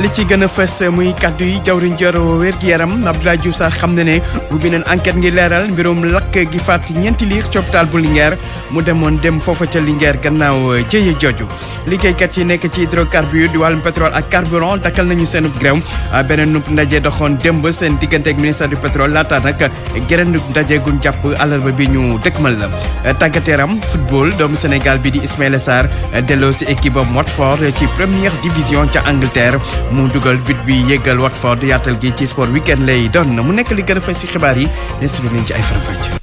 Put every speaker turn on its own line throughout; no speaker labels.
li ci gën a fës muy kaddu yi jawriñ joro wér-gu-yaram Abdoulaye Diouf Sarr xam na ne ubbi nañ enquête ngir leeral mbirum lakk gi faat ñeenti liir ci hôpital bu Linguère mu demoon dem foofa ca Linguère gannaaw jëye jooju liggéeykat yi nekk ci hydrocarbure di wàllum pétrole ak carburant dakkal nañu seenub grève beneen nub ndaje doxoon démb seen diggante ak ministère du pétrole laata nag geneen nub ndaje gun jàpp àllarba bi ñu dëkkmal la tàggateeram football doomu Sénégal bi di Ismaïla Sarr delloo si équipe Watford ci première division ca Angleterre mu dugal but bi yeggal Watford yaatal gi ci sport weekend lay doon mu nekk li gën a fës xibaar yi ne suñu leen ci ay faram-fàcce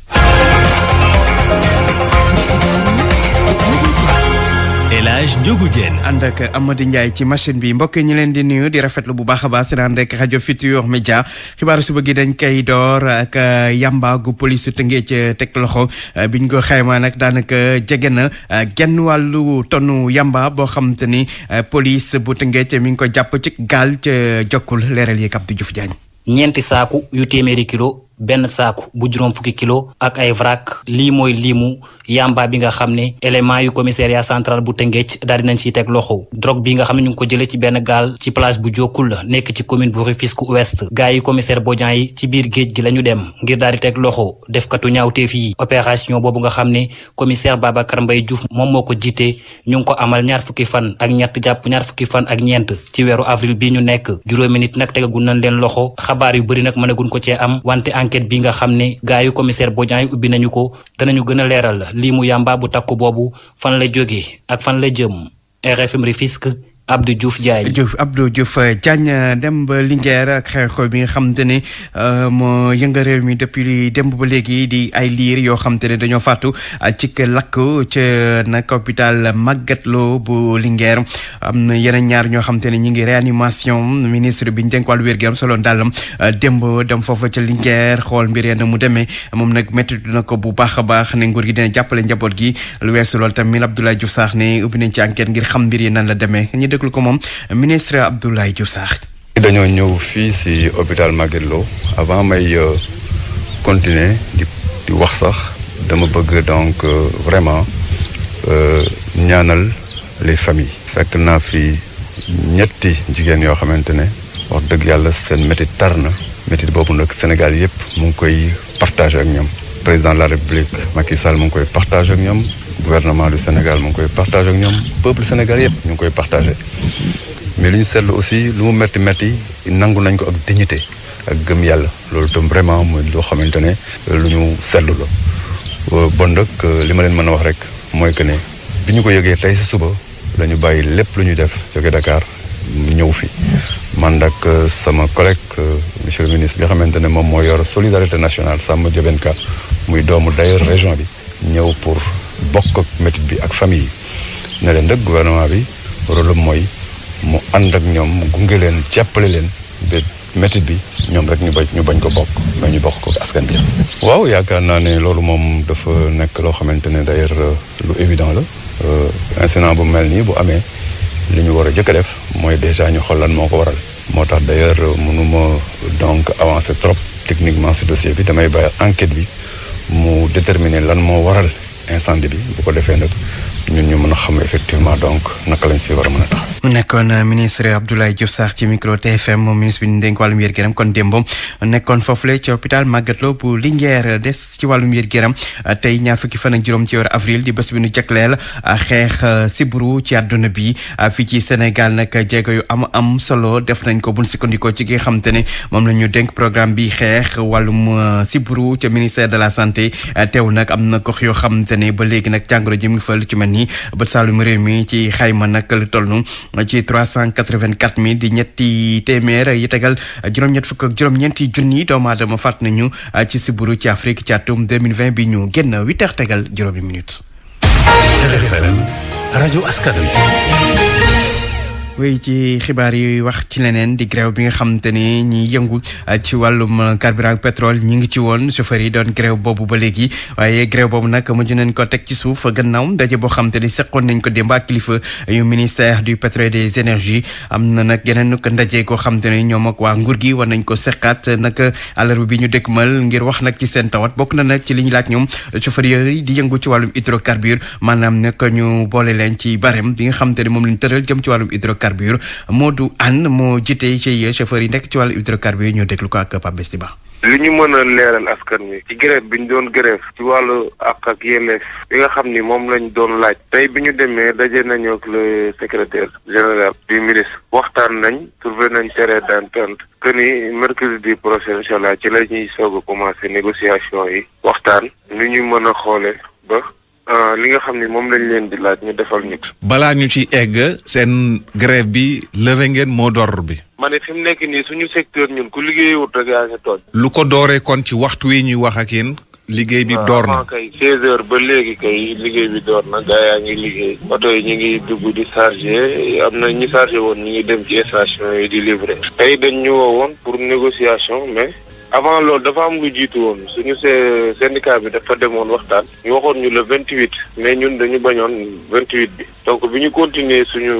Elhadj Ndiogou Diène ànd ak Amady Ndiaye ci machine bi mbokk ñu leen di nuyu di rafetlu bu baax a baax seen ànd ak rajo Futurs Médias xibaaru suba gi dañ koy door ak euh, yamba gu police Tëngéej teg loxo euh, bi ñu ko xaymaa nag daanaka jege na euh, genn wàllu tonu yamba boo xam te ni police bu Tëngéej mi ngi ko jàpp ci gaal ca jokkul leeral yeeg Abdou Diouf Diagne. ñeenti saaku yu téeméeri kilo.
benn saaku bu juróom fukki kilo ak ay vrac lii mooy liimu yamba bi nga xam ne élément yu commissariat central bu Tëngéej daal nañ ci teg loxo drogue bi nga xam ne ñu ngi ko jëlee ci benn gaal ci plage bu Jokkul la nekk ci commune bu Rufisque Ouest gars yi commissaire Bodian yi ci biir géej gi la dem ngir daal di teg loxo defkatu ñaawteef yi opération boobu nga xam ne commissaire Babacar mbay Diouf moom moo ko jiite ñu ngi ko amal ñaar fukki fan ak ñett jàpp ñaar fukki fan ak ñeent ci weeru avril bi ñu nekk juróomi nit nag tegagun nañ leen loxo xabaar yu bëri nag mënagun ko cee am enquête bi nga xam ne gaa yu commissaire Bodian yi ubbi nañu ko danañu gën a leeral lii mu yàmbaa bu takku boobu fan la jóge ak fan la jëm RFM Abdou Diouf Diagne
Diouf Abdou Diouf Diagne euh, dem ba Linguère ak xew-xew bi nga xamante ne euh, moo yënga réew mi depuis démb ba léegi di ay liir yoo xamante ne dañoo faatu euh, ci lakk ca nag hôpital Magatte Lô bu Linguère am na yeneen ñaar ñoo xamante ne ñu ngi réanimation ministre bi ñu dénk wér gi am solo dàllam démb dem foofu ca Linguère xool mbir na mu demee moom nag méttitu na ko bu baax a baax ne nguur gi dina jàppale njaboot gi lu weesu lool tamit Abdoulaye Diouf Sarr ne ubbi nañ ci enquête ngir xam mbir yi nan la demee déglu ko moom ministre Abdoulaye Diouf Sarr.
dañoo ñëw fii si hôpital Magatte loo avant may euh, continuer di wax sax dama bëgg donc euh, vraiment euh, ñaanal les familles. fekk naa fi ñetti jigéen yoo xamante ne wax dëgg yàlla seen métit tar na métit boobu nag Sénégal yëpp mu ngi koy partage ak ñoom président de la République Macky Sall mu ngi koy partagé ak ñoom. gouvernement du Sénégal mu ngi koy partagé ak ñoom peuple sénégalais yëpp ñu ngi koy partagé mais li ñu seetlu aussi lu mu métti métti nangu nañ ko ak dignité ak gëm yàlla loolu tam vraiment mooy loo xamante ne lu ñu seetlu la. Euh, bon nag euh, li ma leen mën a wax rek mooy que ne bi ñu ko yogee tey si suba la ñu bàyyi lépp lu ñuy def jóge Dakar ñëw fi man nag euh, sama collègue monsieur le ministre nga xamante ne moom mooy yor solidarité national sàmma Diabène muy doomu day région bi ñëw pour. bokk ak métit bi ak famille yi ne leen nag gouvernement bi rôle mooy mu ànd ak ñoom mu gunge leen jàppale leen ba métit bi ñoom rek ñu bañ ñu bañ ko bokk mais ñu bokk ko askan bi waaw yaakaar naa ne loolu moom dafa nekk loo xamante ne d'ailleurs euh, lu évident la euh, incident bu mel nii bu amee li ñu war a jëkk def mooy déjà ñu xool lan moo ko waral moo tax d'ailleurs euh, mënuma donc avancer trop techniquement si dossier bi damay bàyyi enquête bi mu déterminer lan moo waral incendie bi bu ko defee nag ñun ñu mën a xam effectivement donc naka lañ si war a mën a taxaw.
mu nekkoon euh, ministre Abdoulaye Diouf Sarr ci micro TFM moom ministre bi ñu dénk wàllum wér-gu-yaram kon démbam nekkoon foofule ci hôpital euh, Magatte tey ñaar fukki fan ak juróom ci weeru avril di bés bi nu jagleel euh, xeex si sibbiru ci àdduna bi fii ci Sénégal nag jéego yu am am solo def nañ ko bu ñu sukkandikoo ci gi nga xam te ne moom la ñu dénk programme bi xeex wàllum sibbiru ca ministère de la santé teew nag am na ko yoo xam te ne ba léegi nag jàngoro ji ci mel ni bët saalum réew mi ci xayma nag lu toll ci trois cent quatre-vingt-quatre mille di ñetti téeméer yi tegal juróom-ñett fukk ak juróom-ñeenti junni doomu aadama faat nañu ci siburu ci Afrique ci atum bi ñu génn huit tegal juróomi minutes. wéy ci xibaar yi wax ci leneen di grève bi nga xam te ne ñi yëngu ah, ci wàllum carburant pétrole ñi ngi ci woon chauffeur yi doon grève boobu ba léegi waaye grève boobu nag mujj nañ ko teg ci suuf gannaaw daje boo xam te ne nañ ko démb ak kilifa yu ministère du pétrole et am na nag geneen ko koo xam te ñoom ak waa nguur gi war nañ ko seqaat nag àllarba bi ñu dëkkmal ngir wax nag ci seen tawat bokk na nag ci li ñu laaj ñoom chauffeur yi di yëngu ci wàllum hydrocarbure maanaam nag ñu boole leen ci barème bi nga xam ne moom lañ tëral jëm ci wàllum hydrocarbure hydrocarbure Modou Anne moo jitee ci chauffeur yi nekk ci wàllu hydrocarbure ñoo déglu ko ak Pape Ba
li ñu mën a leeral askan wi ci grève bi ñu doon grève ci wàllu àq ak yelleef li nga xam ni moom lañ doon laaj tey bi ñu demee daje nañu ak le secrétaire général du ministre waxtaan nañ trouvé nañ terrain d'entente que ni mercredi prochain incha allah ci la ñuy soog a commencé négociation yi waxtaan ni ñu mën a xoole ba Euh, li nga xam ne moom lañ leen di laaj ñu defal ñu ko.
balaa ñu ci egg seen grève bi levé ngeen moo door
bi. ma ne fi mu nekk nii suñu secteur ñun ku liggéeyut rek yaa ngi tooñ.
lu ko dooree kon ci waxtu wi ñuy wax ak yéen. liggéey bi ah, door na
kay 16 heures ba léegi kay liggéey bi door na gaa yaa ngi liggéey. oto yi ñu ngi dugg di chargé am na ñi chargé woon ñu ngi dem ci station yi di livré. tey dañ ñu woo woon pour négociation mais. avant loolu dafa am lu jiitu woon suñu syndicat bi dafa demoon waxtaan. ñu waxoon ñu le vingt huit mais ñun dañu bañoon vingt huit bi. donc bi ñu continuer suñu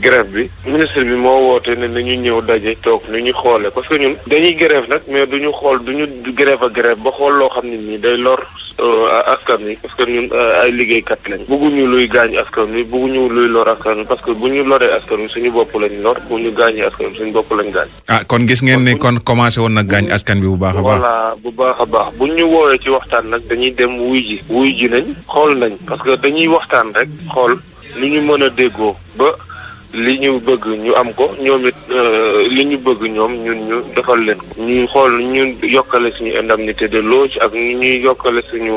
grève bi. ministre bi moo woote ne nañu ñëw daje toog nu ñu xoolee parce que ñun. dañuy grève nag mais duñu xool duñu grève a grève ba xool loo xam ne nii day lor euh, askan wi. parce que ñun euh, ay liggéeykat lañ. bëgguñu luy gaañ askan wi bëgguñu luy lor askan wi parce que bu ñu loree askan wi suñu bopp lañ lor bu ñu gaañee askan wi suñu bopp lañ gaañ.
ah kon gis ngeen ni kon commencé woon na gaañ askan bi bu baax a baax
voilà bu baax a baax buñ ñu woowee ci waxtaan nag dañuy dem wuy ji wuy ji nañ xool nañ parce que dañuy waxtaan rek xool lu ñu mën a déggoo ba li ñu bëgg ñu am ko ñoom it euh, li ñu bëgg ñoom ñun ñu defal leen ko ñuy xool ñu yokkale suñu indemnité de logement ak ñu ñuy yokkale suñu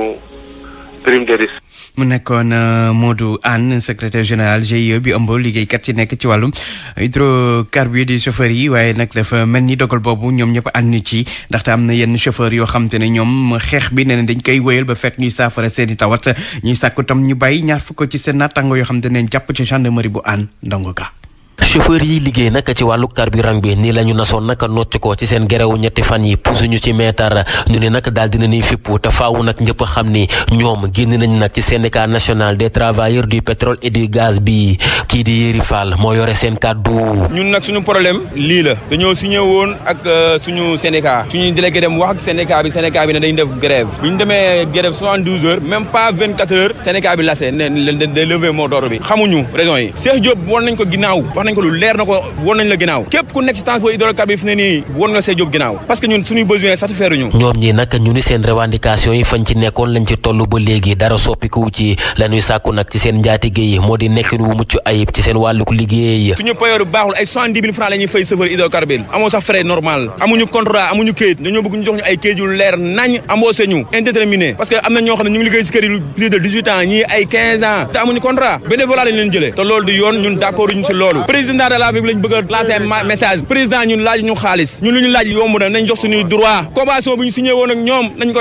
prime de risque. mu
nekkoon euh, Modou Anne secrétaire général GIE bi ëmb liggéeykat yi nekk ci wàllum hydrocarbures di chauffeurs yi waaye nag dafa mel ni dogal boobu ñoom ñëpp ànd ci ndaxte am na yenn chauffeurs yoo xam ne ñoom xeex bi nee na dañ koy wéyal ba fekk ñuy saafara seen i tawat ñuy sàkku tam ñu bàyyi ñaar fukk ci seen naataango yoo xam te ne jàpp ci mari bu Anne ndongo ka chauffeur yi liggéey nag ci
wàllu carburant bi nii la ñu nasoon nag nocc ko ci seen gerewu ñetti fan yi pusuñu ci meetar ñu ne nag daal dina ñuy fippu te faawu nag ñëpp xam ni ñoom génn nañ nag ci syndicat national des travailleurs du pétrole et du gaz bi kii di Yéri Fall moo yore seen kàddu
ñun nag suñu problème lii la dañoo signé woon ak suñu syndicat suñu délégué dem wax ak syndicat bi syndicat bi ne dañ def grève bi ñu demee grève 72 heures même pas 24 heures syndicat bi lase ne day lever mot d'ordre bi xamuñu raison yi Cheikh woon nañ ko ginnaaw nañ ko lu leer na ko won nañ la ginnaaw képp ku nekk ci transport hydrocarbures yi fi ne nii won nga see jóg ginnaaw parce que ñun suñuy besoin satisfaire ñu
ñoom ñi nag ñu ni seen revendication yi fañ ci nekkoon lañ ci toll ba léegi dara soppikuwu ci la ñuy sàkku nag ci seen njaatige yi moo di nekkin wu mucc ayib ci seen wàlluk liggéey
suñu payoor bu baaxul ay soixante-dix mille francs la ñuy fay chauffeur hydrocarbures amoo sax frais normal amuñu contrat amuñu këyit dañoo bëgg ñu jox ñu ay këyit yu leer nañ embauché ñu indéterminé parce que am na ñoo xam ne ñu ngi liggéey ci kër yi plus de dix-huit ans ñii ay quinze ans te amuñu contrat bénévolat lañ leen jëlee te loolu du yoon ñun d'accord ñu ci loolu président de la République lañ bëgg a lancer message président ñun laaj ñu xaalis ñun lu ñu laaj yomb na nañ jox suñuy droit convention bi ñu signé woon ak ñoom nañu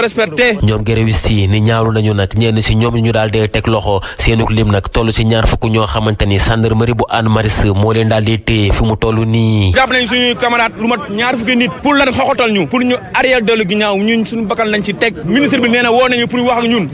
nag teg loxo seenuk lim nag toll si ñaar fukk ñoo xamante ni bu Anne Maris moo leen daal dee téye mu toll nii
jàpp nañ suñuy camarade lu mat ñaar fukki nit pour lan xoxotal ñu pour ñu arrière dellu ginnaaw ñun suñu bakkan lañ ci teg ministre bi nee woo nañu pour wax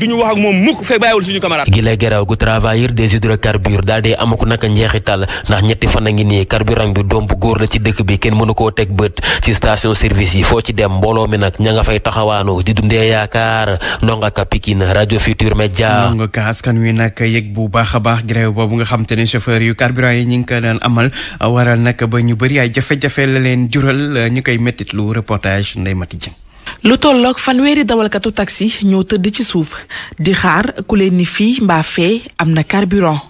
ak fan a ngi nii carburant bi doom bu góor la ci dëkk bi kenn mënu koo teg bët ci station service yi foo ci dem mbooloo mi nag ña nga fay taxawaanu di dundee yaakaar ndonga ka Pikine rajo Futur Media.
ndonga ka askan wi nag yëg bu baax a baax grève bu nga xam te ne chauffeur yu carburant yi ñu ngi ko daan amal waral nag ba ñu bëri ay jafe-jafe la leen jural ñu koy mettitlu reportage Ndeye Mati Dieng
lu tolloog fanweeri dawalkatu taxi ñoo tëdd ci suuf di xaar ku leen ni fii mbaa fee am na carburant.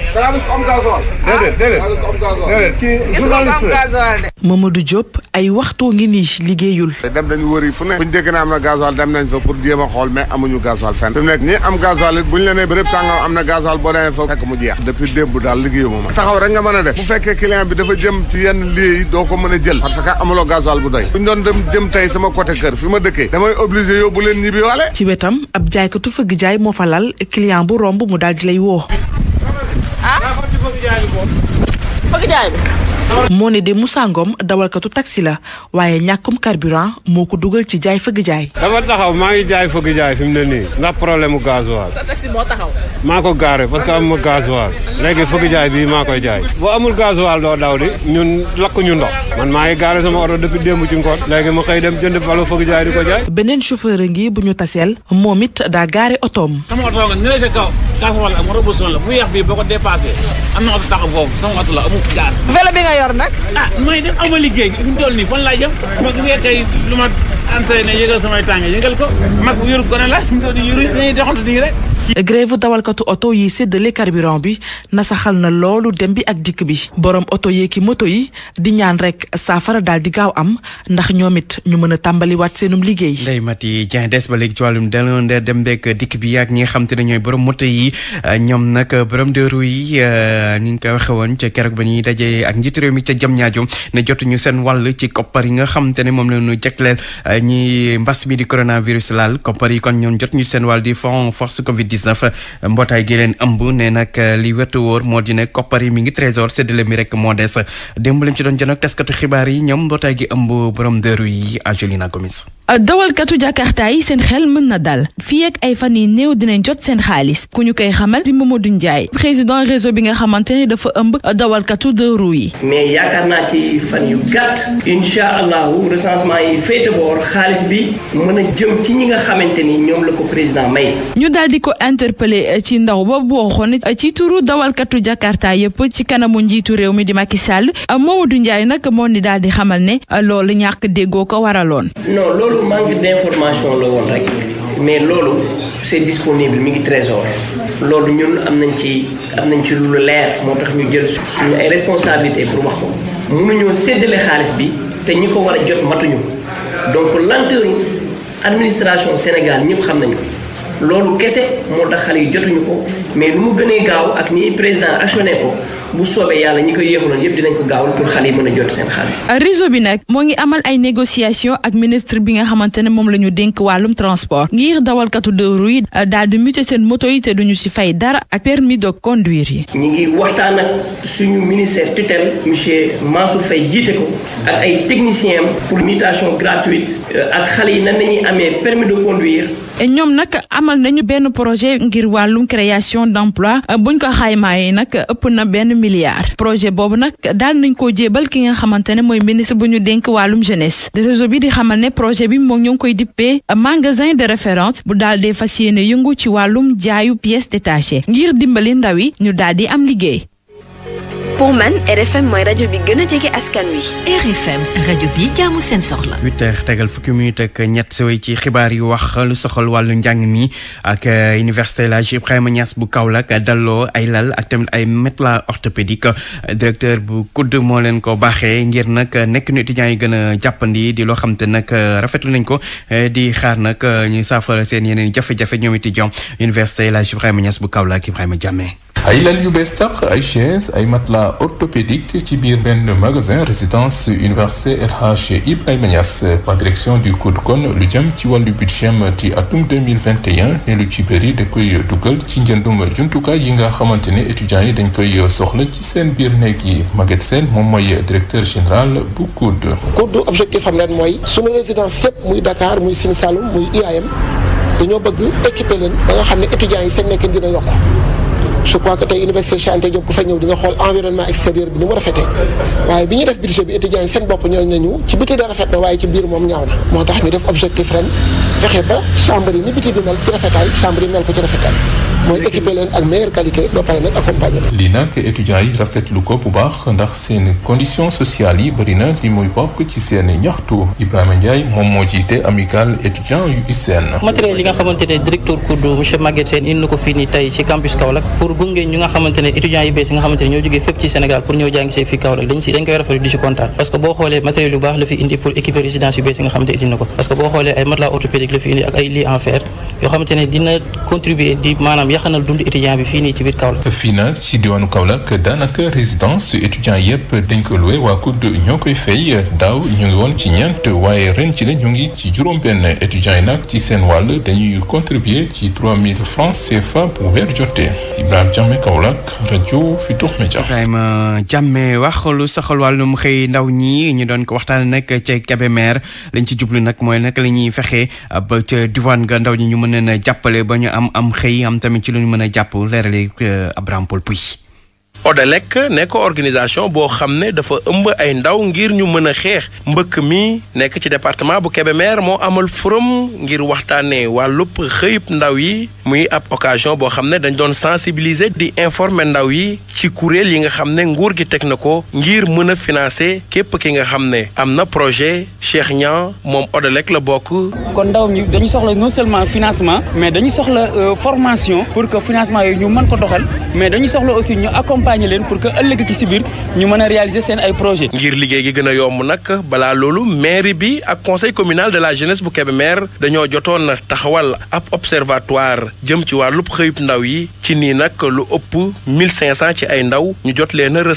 Mamadou Diop ay waxtoo ngi nii liggéeyul. dem dañu wëri fu ne. buñ
dégg na am na gasoil dem nañ fa pour jéem a xool mais amuñu gasoil fenn. fi nekk ñi am gasoil it buñ la nee bërëb sàngam am na gasoil boo demee jeex. depuis démb daal liggéeyu moom taxaw rek nga mën a def. bu fekkee client bi dafa jëm ci yenn lieu doo ko mën a jël. parce que amuloo gasoil bu doy. ñu doon dem jëm tey sama côté kër fi ma dëkkee damay obligé yóbbu leen ñibbi wale
ci wetam ab jaaykatu fëgg jaay moo fa lal client bu romb mu daal di lay woo. Ah? moo ne de Moussa Ngom dawalkatu taxi la waaye ñàkkum carburant moo ko dugal ci jaay fëgg jaay.
dama taxaw maa ngi jaay fëgg jaay fi mu ne nii ndax problème mu gasoil. maa ko gaaree parce que amuma gasoil léegi fëgg jaay maa koy jaay. boo amul gasoil doo daw di ñun lakkuñu ndox. man maa ngi gaaree sama oto depuis démb ci ngoon. léegi ma dem jënd balo fëgg jaay di ko jaay.
beneen chauffeur ngi bu ñu taseel moom it daa gaar otoom.
sama oto
nga ñu lay fekk kaw gasoil ak moto bu son ko dépassé am na oto taxaw foofu sama oto la amul gaar.
vélo yor nag. ah may dem aw
ma liggéey fi mu toll nii fan laay jëm ma gisee tey lu ma. entraîné
yëgal dawalkatu oto yi séddale carburant bi nasaxal na loolu dem bi ak dikk bi borom oto yeeki moto yi di ñaan rek saafara daal di gaaw am ndax ñoom it ñu mën a tàmbaliwaat seenum liggéey.
Ndeye Mati Dieng des ba léegi ci wàllum delloo dem beeg dikk bi ak ñi nga xam te ne ñooy borom moto yi ñoom nag borom dëru yi euh, ni nga ko waxee woon ca keroog ba ñuy dajee ak njiitu réew mi ca jam ñaajo ne jotuñu seen wall ci koppar yi nga xam te ne moom la ñu jagleel euh, ñii mbas mi di coronavirus laal koppar yi kon ñoom jot ñu seen waal di fond force Covid 19 mbootaay gi leen ëmb ne nag eh, li wetu wóor moo di ne koppar mi ngi trésor séddale mi rek moo des démb lañ ci doon jënd ak taskatu xibaar yi ñoom mbootaay gi ëmb borom dëru yi Angelina Gomis.
dawalkatu jakarta yi seen xel mën na dal fii ak ay fan yi néew dinañ jot seen xaalis ku ñu koy xamal di Mamadou Ndiaye président réseau bi nga xamante ne dafa ëmb dawalkatu deux yi.
mais yaakaar naa ci fan yu xaalis bi mën a jëm ci ñi nga xamante ni
ñu daal di ko interpellé eh, ci ndaw ba boo eh, ci turu dawalkatu jakarta yëpp ci kanamu njiitu réew mi di Macky Sall eh, Mamadou Ndiaye nag moo ni daal di xamal ne loolu ñàkk déggoo ko waraloon.
loolu manque d'information la woon rek mais loolu c'est disponible mi ngi trésor loolu ñun am nañ ci am nañ ci lu leer moo tax ñu jël suñu ay responsabilité pour wax ko mënuñoo séddale xaalis bi te ñi ko war a jot matuñu donc lenteur administration Sénégal ñëpp xam nañu loolu kese moo tax xale yi jotuñu ko mais lu mu gënee gaaw ak ni président actionné ko bu soobee yàlla ñi ko yéexaloon yëpp dinañ ko gaawal pour xale yi mën a jot seen xaalis.
Euh, réseau bi nag moo ngi amal ay négociation ak ministre bi nga xamante ne moom la ñu dénk wàllum transport ngir dawalkatu deux-roues yi euh, daal di muté seen moto yi te duñu si fay dara ak permis de conduire
yi. ñu ngi waxtaan ak suñu ministère tutelle monsieur Mansour Faye jiite ko ak ay techniciens pour mutation gratuite euh, ak xale yi nan la amee permis de conduire.
ñoom nag amal nañu benn projet ngir wàllum création milliards projet boobu nag daal nañ koo jébal ki nga xamante ne mooy ministre bu ñu dénk wàllum jeunesse réseau bi di xamal ne projet bi moom ñoo ngi koy dippee magasin de référence bu daal dee fas yéene yëngu ci wàllum jaayu pièces détachées ngir dimbali ndaw yi ñu daal di am liggéey pour man RFM mooy rajo bi gën jege askan wi.
RFM rajo bi jaamu seen soxla.
8 tegal fukki minute ak ñett si way ci xibaar yu wax lu soxal wàllu njàng mi ak eh, université El Hadj Ibrahima Niass bu Kaolack dalloo ay lal ak tamit ay matelas orthopédique directeur bu kudd moo leen ko baaxee ngir nag nekk nu étudiants yi gën a jàppandi di loo xam te nag eh, rafetlu nañ ko eh, di xaar nag ñu saafara seen yeneen jafe-jafe ñoom étudiant université El Hadj Ibrahima Niass bu Kaolack Ibrahima Diame. ay
lal yu bees tàq ay chaise ay matelas orthopédique ci biir benn magasin résidence université El Hadj Ibrahima Niass par direction du kon lu jëm ci wàllu budget ci atum 2021 ne lu ci bëri da koy dugal ci njëndum jumtukaay yi nga xamante ne étudiants yi dañ koy soxla ci seen biir néeg yi Maguette seen moom mooy directeur général bu COD.
COD objectif am leen mooy sunu résidence yëpp muy Dakar muy Sine Saloum muy IAM dañoo bëgg équiper leen ba nga xam ne étudiants yi seen nekkin dina yokk. je crois que tey université Cheikh Anta Diop ku fa ñëw di xool environnement extérieur bi ni mu rafetee waaye bi ñu def budget bi étudiants seen bopp ñooñu nañu ci biti rafet na waaye ci biir moom ñaaw na moo tax ñu def objectif ren fexe ba chambre yi ni biti bi mel ci rafetaay chambre yi mel ko ci rafetaay mooy équipé leen ak meilleure qualité ba pare nag
accompagné leen. lii ko bu baax ndax seen conditions sociales yi bëri li muy bokk ci seen ñaxtu Ibrahima Ndiaye moom moo jiite amical étudiant yu ISEN.
matériel yi nga xamante ne directeur kudd monsieur Maguette indi ko fii nii tey ci campus Kaolack pour gunge ñu nga xamante ne yu bees yi nga xamante ñoo jógee fépp ci Sénégal pour ñëw jàngi see fii Kaolack dañ koy rafetlu di si kontaan parce que boo xoolee matériel yàqanal dund étudiant bi fii nii ci biir Kaolack.
fii nag ci diwaanu Kaolack daanaka résidence étudiant yëpp dañ ko loué waa COUD ñoo koy fay daaw ñu ngi woon ci ñeent waaye ren ci la ñu ngi ci juróom-benn étudiants yi nag ci seen wàll dañuy contribuer ci 3000 francs CFA bu weer jotee Ibrahima Diame Kaolack
rajo Futurs Médias. Ibrahima Diame wax lu saxal wàllum xëy ndaw ñi ñu doon ko waxtaanee nag ca Kébémer lañ ci jublu nag mooy nag la ñuy fexe ba ca diwaan ga ndaw ñi ñu mën leen jàppale ba ñu am am xëy tamit. ci lu ñu mën a jàpp leerali euh, Abraham Paul Puy
Odelec nekk organisation boo xam ne dafa ëmb ay ndaw ngir ñu mën a xeex mbëkk mi nekk ci département bu Kébémer moo amal forum ngir waxtaanee wàllub xëyub ndaw yi muy ab occasion boo xam ne dañ doon sensibiliser di informer ndaw yi ci kuréel yi nga xam ne nguur gi teg na ko ngir mën a financer képp ki nga xam ne am na projet Cheikh Niang moom Odelec la bokk.
kon ndaw ñi dañu soxla non seulement financement mais dañu soxla euh, formation pour que financement yi ñu accompagner leen pour que ëllëg ci si biir ñu mën a seen ay
projet ngir liggéey gi gën a yomb nag bala loolu mairie bi ak conseil communal de la jeunesse bu Kébémer dañoo jotoon na taxawal ab observatoire jëm ci wàllub xëyub ndaw yi ci nii nag lu ëpp 1500 ci ay ndaw ñu jot leen a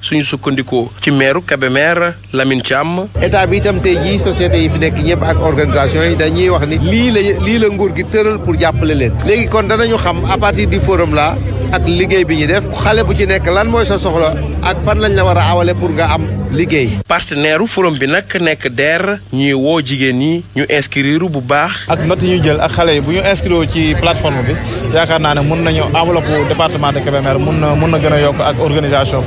suñu sukkandikoo ci meeru Kébémer Lamine Thiam. état bi itam tey jii société yi fi nekk ñëpp ak organisation yi dañuy wax ni lii la lii la nguur gi tëral pour jàppale leen léegi kon danañu ak liggéey bi ñu def xale bu ci nekk lan mooy sa soxla ak fan lañ la war a awale pour nga am liggéey. partenaire u bi nag nekk DER ñuy woo jigéen ñi ñu inscrire bu baax. ak notes yi ñu jël
ak xale yi bu ñu inscrire ci plateforme bi yaakaar naa ne mën nañu enveloppe département de Kébémer mun
na mun na gën a yokk ak organisation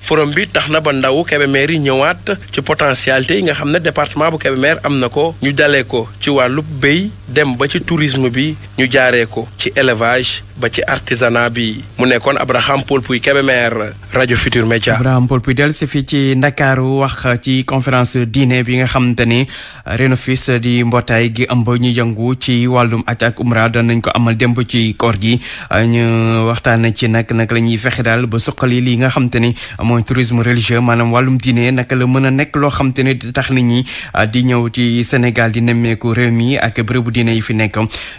forum bi bi tax na ba ndaw Kébémer yi ñëwaat ci potentialité yi nga xam ne département bu Kébémer am na ko ñu dalee ko ci wàllu béy dem ba ci tourisme bi ñu jaaree ko ci élevage. ba ci artisanat bi mu nekkoon Abraham Paul Puy Kébémer rajo Futur Média.
Abraham Paul Puy dellu si fii ci Ndakaaru wax ci conférence diine bi nga xamante ni Renofis di mbootaay gi ëmb ñu yëngu ci wàllum aj ak ko amal démb ci koor gi ñu waxtaan ci nag nag la ñuy fexe daal ba suqali lii nga xamante ni mooy tourisme religieux maanaam wàllum diine naka la mën a nekk loo xamante ni tax nit ñi di ñëw ci Sénégal di nemmeeku réew mi ak bu diine yi fi nekk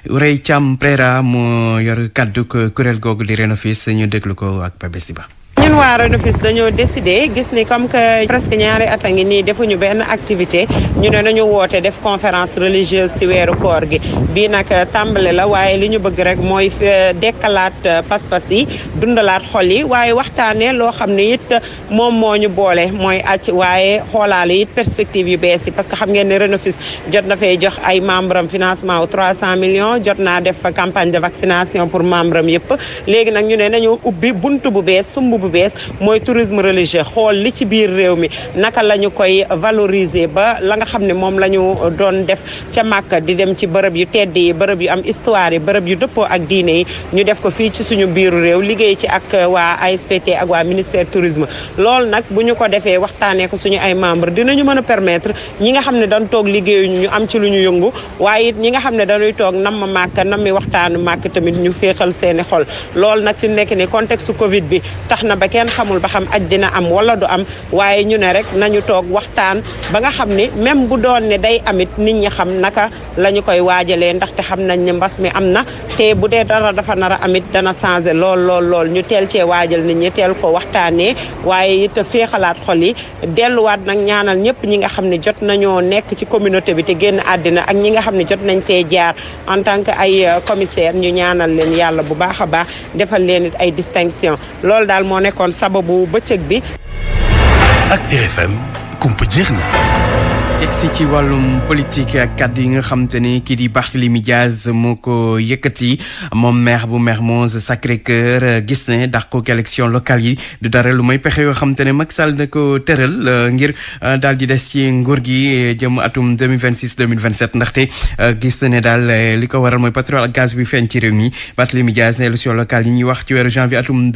Urey Thiam mu yor du kàddu kuréel googu di Renofis ñu déglu ko ak Pape Siba
ñun waa dañoo décidé gis ni comme que presque ñaari at a ngi nii defuñu benn activité ñu ne nañu woote def conférence religieuse ci weeru koor gi bii nag tàmbale la waaye li ñu bëgg rek mooy euh, dekkalaat euh, pas-pas yi dundalaat xol yi waaye waxtaanee loo xam ne it moom moo ñu boole mooy acc waaye xoolaale it perspective yu bees yi parce que xam ngeen ne Renefis jot na fay jox ay membre am financement wu 300 millions jot naa def campagne de vaccination pour membre am yëpp léegi bees mooy tourisme religieux xool li ci biir réew mi naka la ñu koy valoriser ba la nga xam ne moom la ñu doon def ca Màkka di dem ci bërëb yu tedd yi bërëb yu am histoire yi bërëb yu dëppoo ak diine yi ñu def ko fii ci suñu biiru réew liggéey ci ak waa ASPT ak waa ministère tourisme loolu nag bu ñu ko defee waxtaanee ko suñu ay membre dinañu mën a permettre ñi nga xam ne dañ toog liggéeyuñu ñu am ci lu ñu yëngu waaye ñi nga xam ne dañuy toog nam ma màkk nam mi waxtaanu màkk tamit ñu féexal seeni xol ba kenn xamul ba xam aj dina am wala du am waaye ñu ne rek nañu toog waxtaan ba nga xam ni même bu doon ne day amit nit ñi xam naka la ñu koy waajalee ndaxte xam nañ ne mbas mi am na te bu dee dara dafa nar a amit dana changé lool lool ñu teel cee waajal nit ñu teel ko waxtaanee waaye it féexalaat xol yi delluwaat nag ñaanal ñëpp ñi nga xam ne jot nañoo nekk ci communauté bi te génn àddina ak ñi nga xam ne jot nañ fee jaar en tant que ay euh, commissaire ñu ñaanal leen yàlla bu baax a baax defal leen it ay distinction nekkoon sababu bëccëg bi.
ak RFM kumpa jeex na. egsi ci wàllum politique ak kàddu yi nga xam te ni kii di Barthélémy Diaz moo ko yëkkati moom maire bu Mermoz Sacré-Cœur euh, gis ne dàq ko élection locale yi du dara lu may pexe yoo xam te ne Macky na ko tëral euh, ngir euh, daal di des ci nguur gi jëm atum 2026 2027 ndaxte gis na ne daal li ko waral mooy pétrole ak gaz bi feeñ ci réew mi Barthélémy Diaz ne élection locale yi ñuy wax ci weeru janvier atum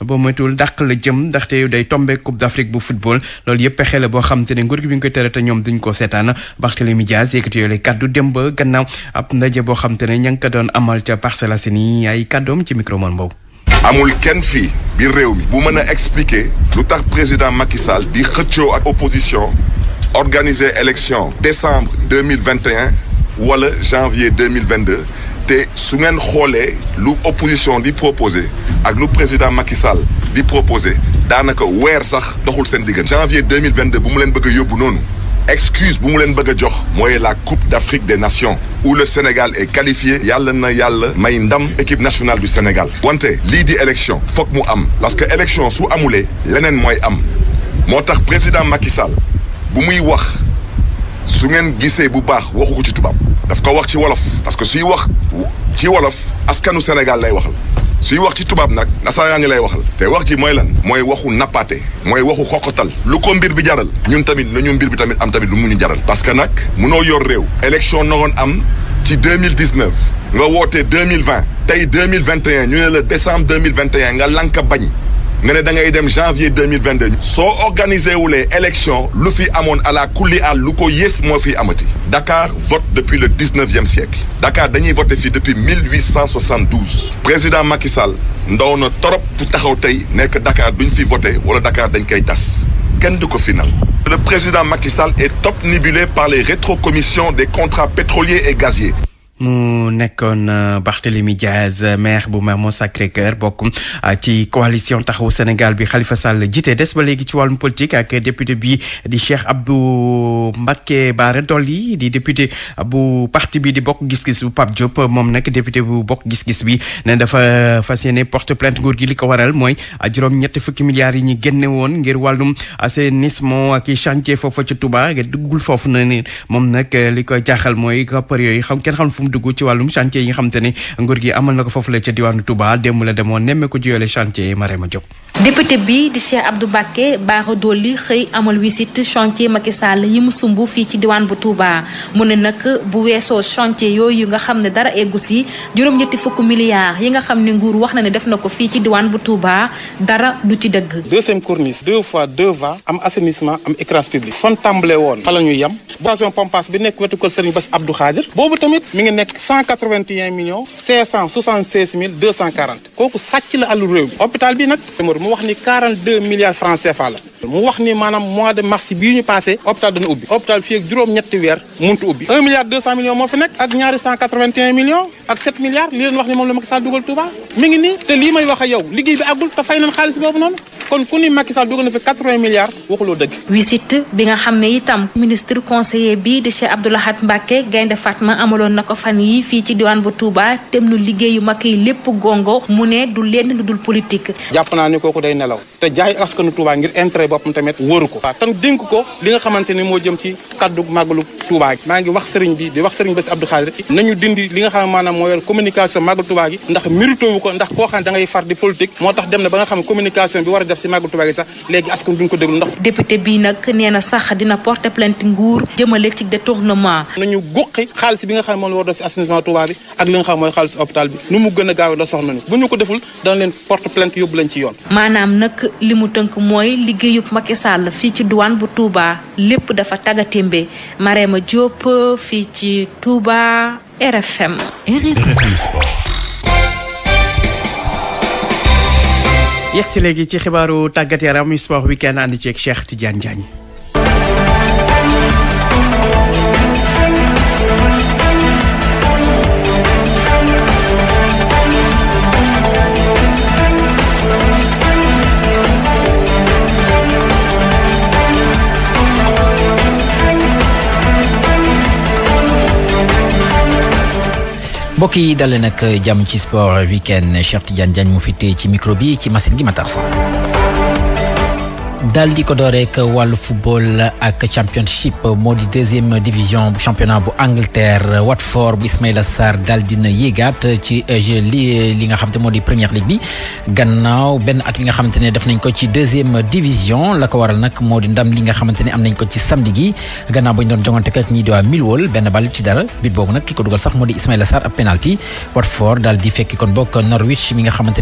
boo moytuwul dàq la jëm ndaxte day tombé Coupe d'Afrique bu football loolu yëpp pexe la boo xam te ne nguur gi bi ñu koy tëral ñoom ñoom duñ ko seetaan Barthélémy Dias yëkkati yooyu kaddu dem ba gannaaw ab ndaje boo xam te ne ña nga doon amal ca Parcelles Assainies ay kaddoom ci micro man
amul kenn fii bi réew mi. bu mën a expliquer lu tax président Macky Sall di xëccoo ak opposition organiser élection décembre deux mille vingt et wala janvier deux mille vingt deux te su ngeen xoolee lu opposition di proposer ak lu président Macky Sall di proposer daanaka weer sax doxul seen diggante. janvier deux mille vingt deux bu mu leen bëgg a yóbbu noonu. excuse bu mu leen bëgg a jox mooy la coupe d'Afrique des nations où le Sénégal est qualifié yàlla na yàlla may ndam équipe nationale du Sénégal wante lii di élection foog mu am parce que élection su amulee leneen mooy am moo tax président Macky bu muy wax su ngeen gisee bu baax waxu ko ci tubaab daf ko wax ci wolof parce que suy wax ci wolof askanu senegal lay waxal suy wax ci tubaab nag nasaraan yi lay waxal te wax ji mooy lan mooy waxu nappaate mooy waxu xoqatal lu ko mbir bi jaral ñun tamit la ñu mbir bi tamit am tamit lu mu ñu jaral parce que nag noo yor réew élection naroon am ci 2019 nga woote 2020 tey 2021 ñu ne la décembre 2021 nga lank bañ nga ne da ngay dem janvier deux mille vingt deux soo organisé wulee élection lu fi amoon à la kulli à lu ko yées moo fi amati. Dakar vote depuis le dix neuvième siècle. Dakar dañuy voté fi depuis mille huit cent soixante douze. président Macky Sall ndaw na torop bu taxaw tey nekk Dakar duñ fi voté wala Dakar dañ koy tas kenn du ko final. le président Macky Sall est obnubilé par les rétrocommissions des contrats pétroliers et gaziers.
mu nekkoon euh, Barthélemy Diaz euh, maire bu Mermoz Sacré-Cœur bokk euh, ci coalition taxawu Sénégal bi xalifa Sall jiite des ba léegi ci wàllum politique ak député bi di Cheikh Abdou Mbacké Bara Dolly di député bu parti bi di bokk gis-gis bu Pape Diop moom nag député bu bokk gis-gis bi ne dafa fas yéene porte plainte nguur gi li ko waral mooy juróom-ñetti fukki milliards yi ñu génne woon ngir wàllum assainissement ak chantier foofa ci Touba duggul foofu na ne moom nag li ko jaaxal mooy mu dugg ci wàllum chantier yi nga xamante ni nguur gi amal na ko foofu la ca diwaanu Touba démb la demoon nemme ko ci yoolee
fii ci diwaan bu Touba mu ne nag bu weesoo chantier yooyu nga xam ne dara eggu juróom-ñetti fukk milliards yi nga xam ne nguur wax na ne def na ko fii ci diwaan bu Touba dara du ci dëgg.
deuxième corniche deux fois deux va am assainissement am éclairage public. fon tàmbale woon fa la ñuy yem. boisson pompas bi nekk wetu kër Serigne Bass Abdou Khadir. boobu tamit mi ngi nekk cent kooku sàcc la àllu réew mi hôpital bi nag mu wax ni quarante deux milliards la mu wax ni maanaam mois de mars bii ñu passé hôpital dana ubbi hôpital fii ak juróom-ñetti weer muntu ubbi milliard deux moo fi nekk ak ñaari cent ak sept milliards li leen wax ni moom la Macky dugal Touba mi ngi nii te lii may wax ak yow liggéey bi àggul te fay xaalis boobu noonu kon ku ni Macky dugal na fi quatre waxuloo dëgg. visite bi nga
fan yi fii ci diwaan bu Touba tem nu liggéeyu mag yi lépp gongo mu ne du lenn lu dul politique.
jàpp naa ni kooku day nelaw te jaay askanu Touba ngir ngi wax sëriñ bi di wax sëriñ Bass Abdou Khadir nañu dindi li nga xam maanaam moo yor communication màggalu Touba gi ndax mérito wu ko ndax koo xam ne da ngay far di politique moo tax dem na ba nga xam ne communication bi war a def si màggalu Touba gi sax léegi askan duñ ko déglu ndax.
député bi nag
nee si assainissement Touba bi ak li xam mooy xaalisu hôpital bi nu mu gën a gaawee la soxna ni bu ñu ko deful dana leen porte plainte yóbbu lañ ci yoon.
maanaam nag li mu tënk mooy liggéeyub Macky Sall fii ci duwaan bu Touba lépp dafa tàggatémbe Marème Diop fii ci Touba RFM.
RFM
si léegi ci xibaaru tàggat yaram sport weekend ànd ceeg Cheikh Tidiane Diagne.
mbokk yi dalee nag jam ci sport weekend Cheikh Tidiane Diagne mu fi téye ci micro bi ci machine gi Matar Sarr daal di ko dooree ak wàllu football ak championship moo di deuxième division bu championnat bu Angleterre Watford bu Ismaïla Sarr daal di na yéegaat ci li li nga xam te moo di première ligue bi gannaaw benn at bi nga xamante ne def nañ ko ci deuxième division la ko waral nag moo di ndam li nga xamante ne am nañ ko ci samedi gi gannaaw ba doon jongante ak ñii di waa benn bal ci dara bit boobu nag ki ko dugal sax moo di Ismaïla Sarr ab penalty Watford ne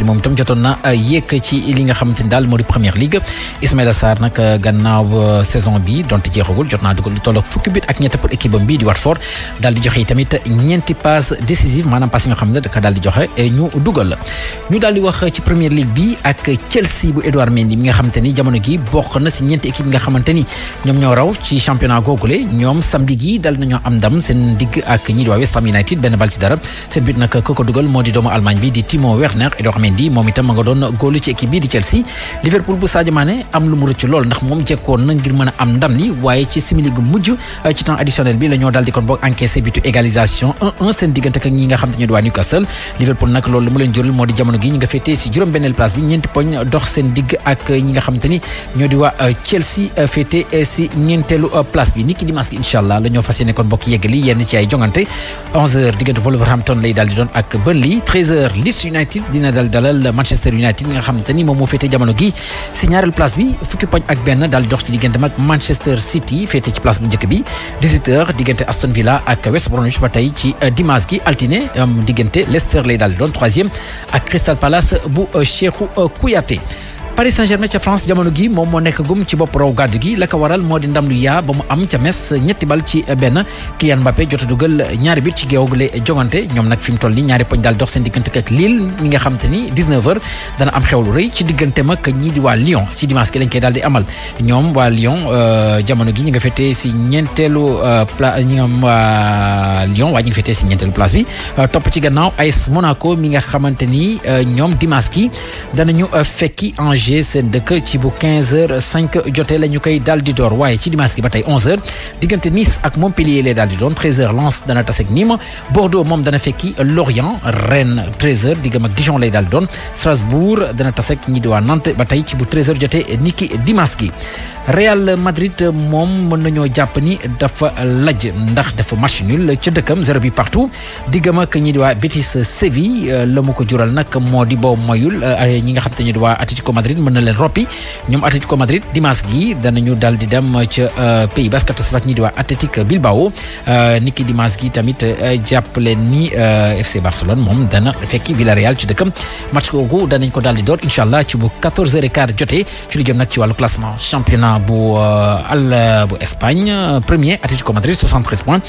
moom itam jotoon na yéeg ci li nga xamante daal moo di Ismaïla Sarr nag euh, gannaaw euh, saison bi donte jeexagul jot naa dugal lu toll ak fukki but ak ñett pour équipe bu Edouard ni jamono gi bokk na si ñeenti équipe yi nga xamante ni ñoom ñoo raw ci championnat googule ñoom samedi gi dal nañoo am ndam seen digg ak ñi di waa West Ham United benn bal ci dara seen bi di Timo Werner Edouard Mendy moom itam ma nga doon góolu ci équipe bi di Chelsea Liverpool bu Sadio am lu mu rëcc lool ndax moom jekkoon na ngir mën a am ndam li waaye ci simili gu mujj euh, ci temps additionnel bi la ñoo daal di kon boog bitu égalisation 1 seen diggante ak ñi place bi ñeenti poñ euh, euh, ki dimanche allah la fas yéene kon bokk yeggali yenn ci ay jongante 11 diggante Wolverhampton lay daal doon ak Burnley 13h Leeds United dina dal dalal Manchester United nga xam te ni moom moo féete jamono gi si ñaareel place bi fukki poñ ak benn daal di dox ci diggante mag Manchester City féete ci place bu njëkk bi 18h diggante Aston Villa ak West Bromwich ba tey ci euh, dimanche gi altine diggante Leicester lay daal di doon troisième ak Crystal Palace bu euh, Cheikhou euh, Kouyaté Paris Saint-Germain ca France jamono gi moom moo nekk gum ci bopp raw gàddu gi la waral moo di ndam lu yaa ba mu am ca mes ñetti bal ci benn Kylian Mbappé jot a ñaari bit ci géewagule jongante ñoom nag fi mu toll ni ñaari poñ daal dox seen diggante ak Lille mi xam te ni 19h dana am xew lu rëy ci diggante mag ñii di waa Lyon si dimanche ki lañ koy daal di amal ñoom waa Lyon euh, jamono gi ñi nga féetee si ñeenteelu euh, place ñi nga waa Lyon waaye ñi si ñeenteelu place bi euh, topp ci gannaaw AS Monaco mi nga xamante ni ñoom dimanche ki danañu fekki Angers GIG seen dëkk ci bu 15 heures 5 la ñu koy daal di door waaye ci dimanche gi ba tey 11 diggante Nice ak Montpellier lay daal doon 13 heures dana tase ak Nîmes Bordeaux moom dana fekki Lorient Rennes 13 heures Dijon lay daal doon Strasbourg dana tase ñi di waa ba tey ci bu 13 heures niki dimanche gi Real Madrid moom mën nañoo jàpp ni dafa laj ndax dafa match nul ca dëkkam zéro bi partout diggam ak ñi di Betis Séville euh, la mu ko jural nag moo di boobu moyul euh, ñi nga xam te ñu di waa Atlético Madrid Madrid mën a leen roppi ñoom Atlético Madrid dimanche gi danañu daal di dem ca euh, Pays Basque Slovaque ñi di waa Athletic Bilbao euh, niki dimanche gi tamit euh, jàpp leen ni FC Barcelone moom dana fekki Villarreal ci dëkkam match googu danañ ko daal di door incha allah ci bu 14 h jotee ci lu jëm nag ci wàllu classement championnat bu Espagne premier Atlético Madrid 73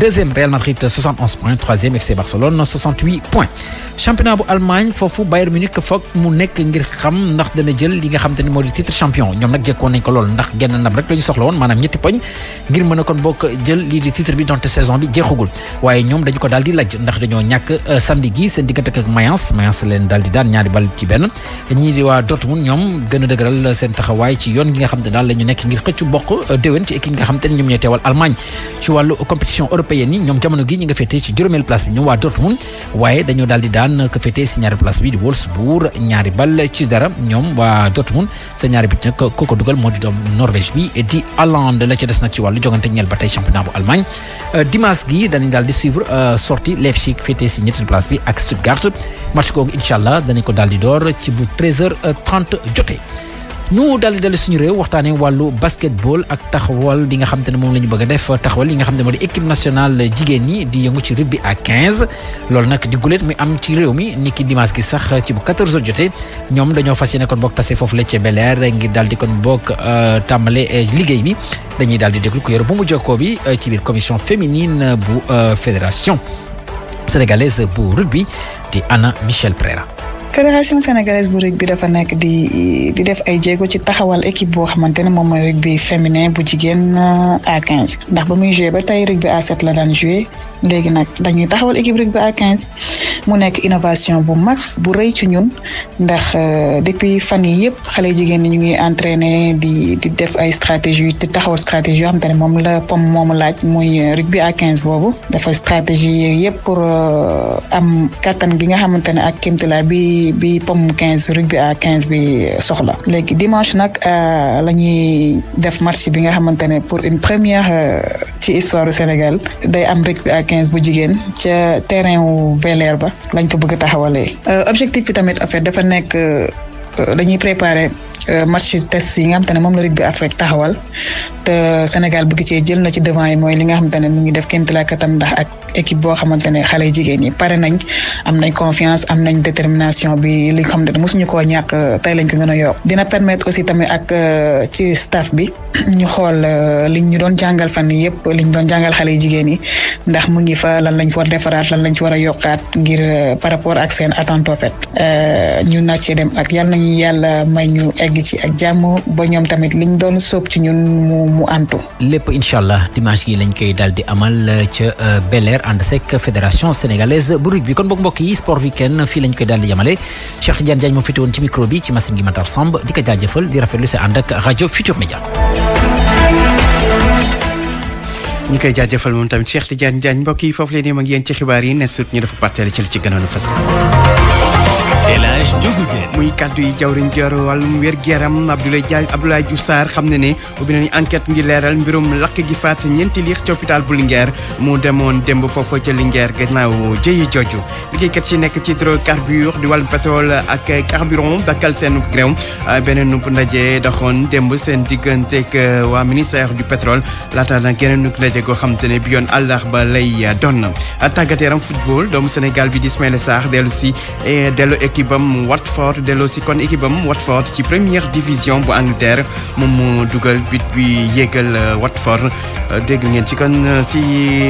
deuxième Real Madrid 71 troisième FC Barcelone 68 championnat bu Allemagne foofu Bayern mën a jël li nga xam te ni moo di titre champion ñoom nag jekkoon nañ ko lool ndax genn ndam rek la soxla woon maanaam ñetti poñ ngir mën a kon bokk jël lii di titre bi donte saison bi jeexagul waaye ñoom dañu ko daal di ndax dañoo ñàkk euh, samedi gi seen diggante ak Mayence Mayence leen daal di daan ñaari bal ci benn ñii di waa Dortmund ñoom gën a dëgëral seen taxawaay ci yoon gi nga xam te daal la ñu nekk ngir xëccu bokk euh, déwén ni ñoom ñooy teewal Allemagne ci wàllu compétition européenne waa Dortmund seen ñaari bit nag ko ko moo di doom Norvège bi di Hollande la ca des na ci wàllu jongante ñeel ba tey championnat bu Allemagne euh, dimanche gi danañ daal di suivre euh, sorti Leipzig féetee si ñetteelu place bi ak Stuttgart match googu incha allah danañ ko daal di door ci bu 13h30 jotee. ñu dal dal suñu réew waxtaanee wàllu basketball ak taxawal bi nga xam te ne moom la ñu bëgg a def taxawal yi nga xam te ne moo di équipe nationale jigéen ñi di yëngu ci rugby à 15 loolu nag di guléet muy am ci réew mi ni ki dimanche gi sax ci bu 14 heures jotee ñoom dañoo fas yéene kon bokk tase foofu la ca Bel Air ngir daal di kon bokk euh, tàmbale euh, liggéey bi dañuy daal di déglu ku yor bu mu jokkoo bi euh, ci biir commission féminine bu fédération sénégalaise bu rugby di Anna Michel Prera
fédération sénégalaise bu rugby bi dafa nekk di di def ay jéego ci taxawal équipe boo xamante ne moom mooy rugby féminin bu jigéen à euh, quinze ndax ba muy joué ba tey rugby à sept la daan joué léegi nag dañuy taxawal équipe rugby à quinze mu nekk innovation bu mag bu rëy ci ñun ndax euh, depuis fan yi yëpp xale jigéen ñi ñu ngi entraîné di di def ay stratégie di taxawal stratégie yoo xam te ne moom la pom moomu laaj muy euh, rugby à quinze boobu defa dafa stratégie yëpp pour euh, am kattan gi nga xamante ne ak kéemtalaay bi bi pom 15 rugby à quinze bi soxla léegi dimanche nag la ñuy def marché bi nga xamante ne pour une première ci histoire du Sénégal day am rugby à quinze bu jigéen ca terrain wu ba lañ ko bëgg taxawalee. Euh, objectif bi tamit en fait dafa nekk euh, dañuy préparer euh, match test yi nga xam te ne moom la Rugby Afrique taxawal te Sénégal bëgg cee jël na ci devant yi mooy li nga xam te ne mu ngi def kéem tolluwaay ndax ak. équipe boo xamante ne xale jigéen ñi pare nañ am nañ confiance am nañ détermination bi li xam ne mosuñu koo ñàkk tey lañ ko gën a yokk dina permettre aussi tamit ak euh, ci staff bi ñu xool euh, liñ ñu doon jàngal fan yii yëpp liñ doon jàngal xale jigéen yi ndax mu ngi fa lan lañ ci defaraat lan lañ ci war a yokkaat ngir euh, par rapport ak seen attente en fait ñu naaj ci dem ak yal nañu yàlla may ñu egg ci ak jàmm ba ñoom tamit liñ doon sóob ci ñun mu antu lépp
incha allah dimanche gi lañ koy daal di amal ca
Bel APR ànd sec fédération sénégalaise
bu rugby kon bokk mbokk yi sport weekend fii lañ koy daal di yamale Cheikh Tidiane Diagne moo fi teewoon ci micro bi ci machine gi Matar Samb di ko jaajëfal di rafetlu sa ànd ak rajo Futur Media.
ñi koy jaajëfal moom tamit Cheikh Tidiane Diagne mbokk yi foofu leen yem ak ci xibaar yi ne sut ñu dafa parteel ci li ci gënoon a El Hadj Ndiogou Diène muy kaddu yi jawriñ jor wàllum wér-gu-yaram Abdoulaye Dia xam ne ne ubbi nañu enquête ngir leeral mbirum lakk gi faat ñeenti liix ci hôpital bu Linguère mu demoon démb foofa ca Linguère gannaaw jëyi jooju liggéeykat ci nekk ci hydrocarbures di wàllum pétrole ak carburant dakkal seen gréew beneen nub ndaje doxoon démb seen digganteeg euh, waa ministère du pétrole laata nag geneen nuk ndaje goo xam te ne bi yoon àllarba lay doon tàggat yaram football doomu Sénégal bi équipe am Watford delloo si kon équipe am Watford ci première division bu Angleterre moom mu dugal but bi yéegal euh, Watford euh, dégg ngeen ci kon euh, si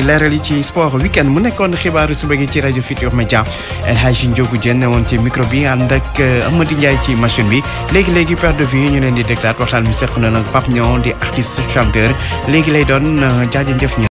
leeral yi ci sport weekend mu nekkoon xibaaru suba gi ci rajo Futurs Médias El Hadji Ndiogou Diène woon ci micro bi ànd ak Amady Ndiaye ci machine bi léegi léegi perte de vue ñu leen di déglaat waxtaan mi seq na nag Pape Nion di artiste chanteur léegi lay doon jaajëf